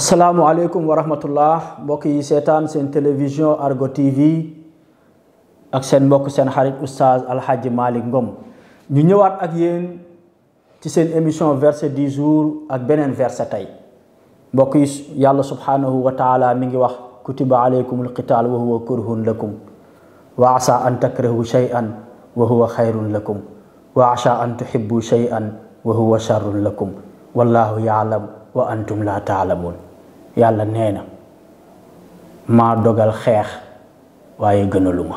asalaamaaleykum wa rahmatullah mbokk yi seetaan seen télévision Argo TV ak seen mbokk seen xarit oustaz Alhaji Malick Ngom ñu ñëwaat ak yéen ci seen émission verset du jour ak beneen verset tey mbokk yi yàlla subhanahu wa taala mi ngi wax kutiba aleykum alqital wa huwa kurhun lakum wa asa an takrahu shay'an wa huwa xayrun lakum wa asa an tuhibbu shay'an wa huwa sharrun lakum wallahu ya'lam wa antum la taalamuun yàlla neena ma dogal xex waye gënaluma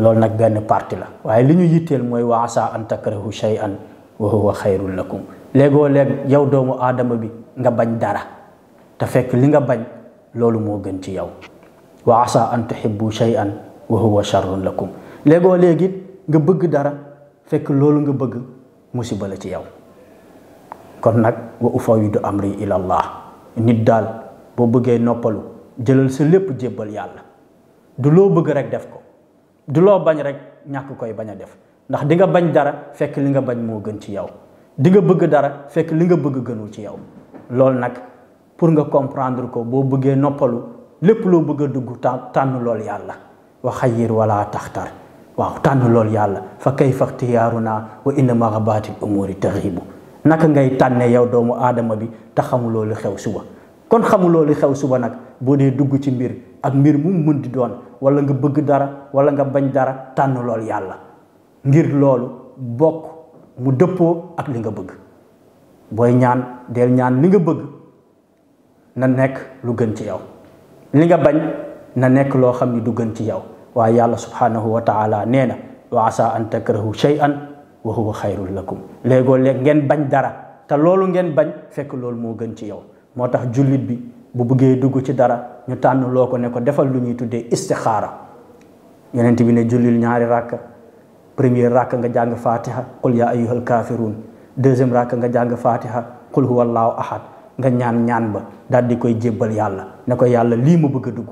lol nak ben parti la waye liñu yittel moy wa asa an takrahu shay'an wa huwa khairul lakum lego leg yow doomu adama bi nga bañ dara ta fekk li nga bañ lolou mo gën ci yow wa asa an tuhibbu shay'an wa huwa sharrun lakum lego legi nga bëgg dara fekk lolou nga bëgg musiba la ci yow kon nak wa ufawidu amri ila allah nit daal boo bëggee noppalu jëlal si lépp jébbal yàlla du loo bëgg rek def ko du loo bañ rek ñàkk koy bañ a def ndax di nga bañ dara fekk li nga bañ moo gën ci yow di nga bëgg dara fekk li nga bëgg gënul ci yow loolu nag pour nga comprendre ko boo bëggee noppalu lépp loo bëgg a dugg tànn lool yàlla wa xayir tax tar waaw tànn lool yàlla fa kayfa ixtiyaaru naa wa inna maxabaatil umuuri taxiibu naka ngay tànne yow doomu aadama bi te xamuloo lu xew suba kon xamuloo lu xew suba nag boo dee dugg ci mbir ak mbir mu mën di doon wala nga bëgg dara wala nga bañ dara tànn lool yàlla ngir loolu bokk mu dëppoo ak li nga bëgg booy ñaan del ñaan li nga bëgg na nekk lu gën ci yow li nga bañ na nekk loo xam ni du gën ci yow waaye yàlla subhanahu wa nee na wa asa an takrahu shay'an wa huwa xayrul lakum léegoo léeg ngeen bañ dara te loolu ngeen bañ fekk lool moo gën ci yow moo tax jullit bi bu bëggee dugg ci dara ñu tànn loo ko ne ko defal lu ñuy tuddee istixaara yonent bi ne jullil ñaari ràkk premier ràkk nga jàng fatiha qul ya ayyuhal kafirun deuxième ràkk nga jàng fatiha qul huwallahu ahad nga ñaan ñaan ba daal di koy jébbal yàlla ne ko yàlla lii ma bëgg a dugg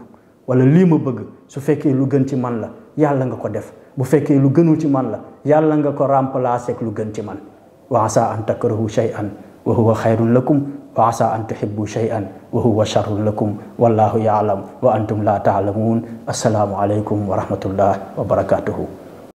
wala lii ma bëgg su fekkee lu gën ci man la yàlla nga ko def bu fekkee lu gënul ci man la yàlla nga ko remplacer ak lu gën ci man wa asa an takrahu shay'an wa huwa xayrun lakum wa asa an tuhibbu shay'an wa huwa sharrun lakum wallahu ya'lam wa antum la ta'lamun assalaamu alaykum wa rahmatullah wa barakatuhu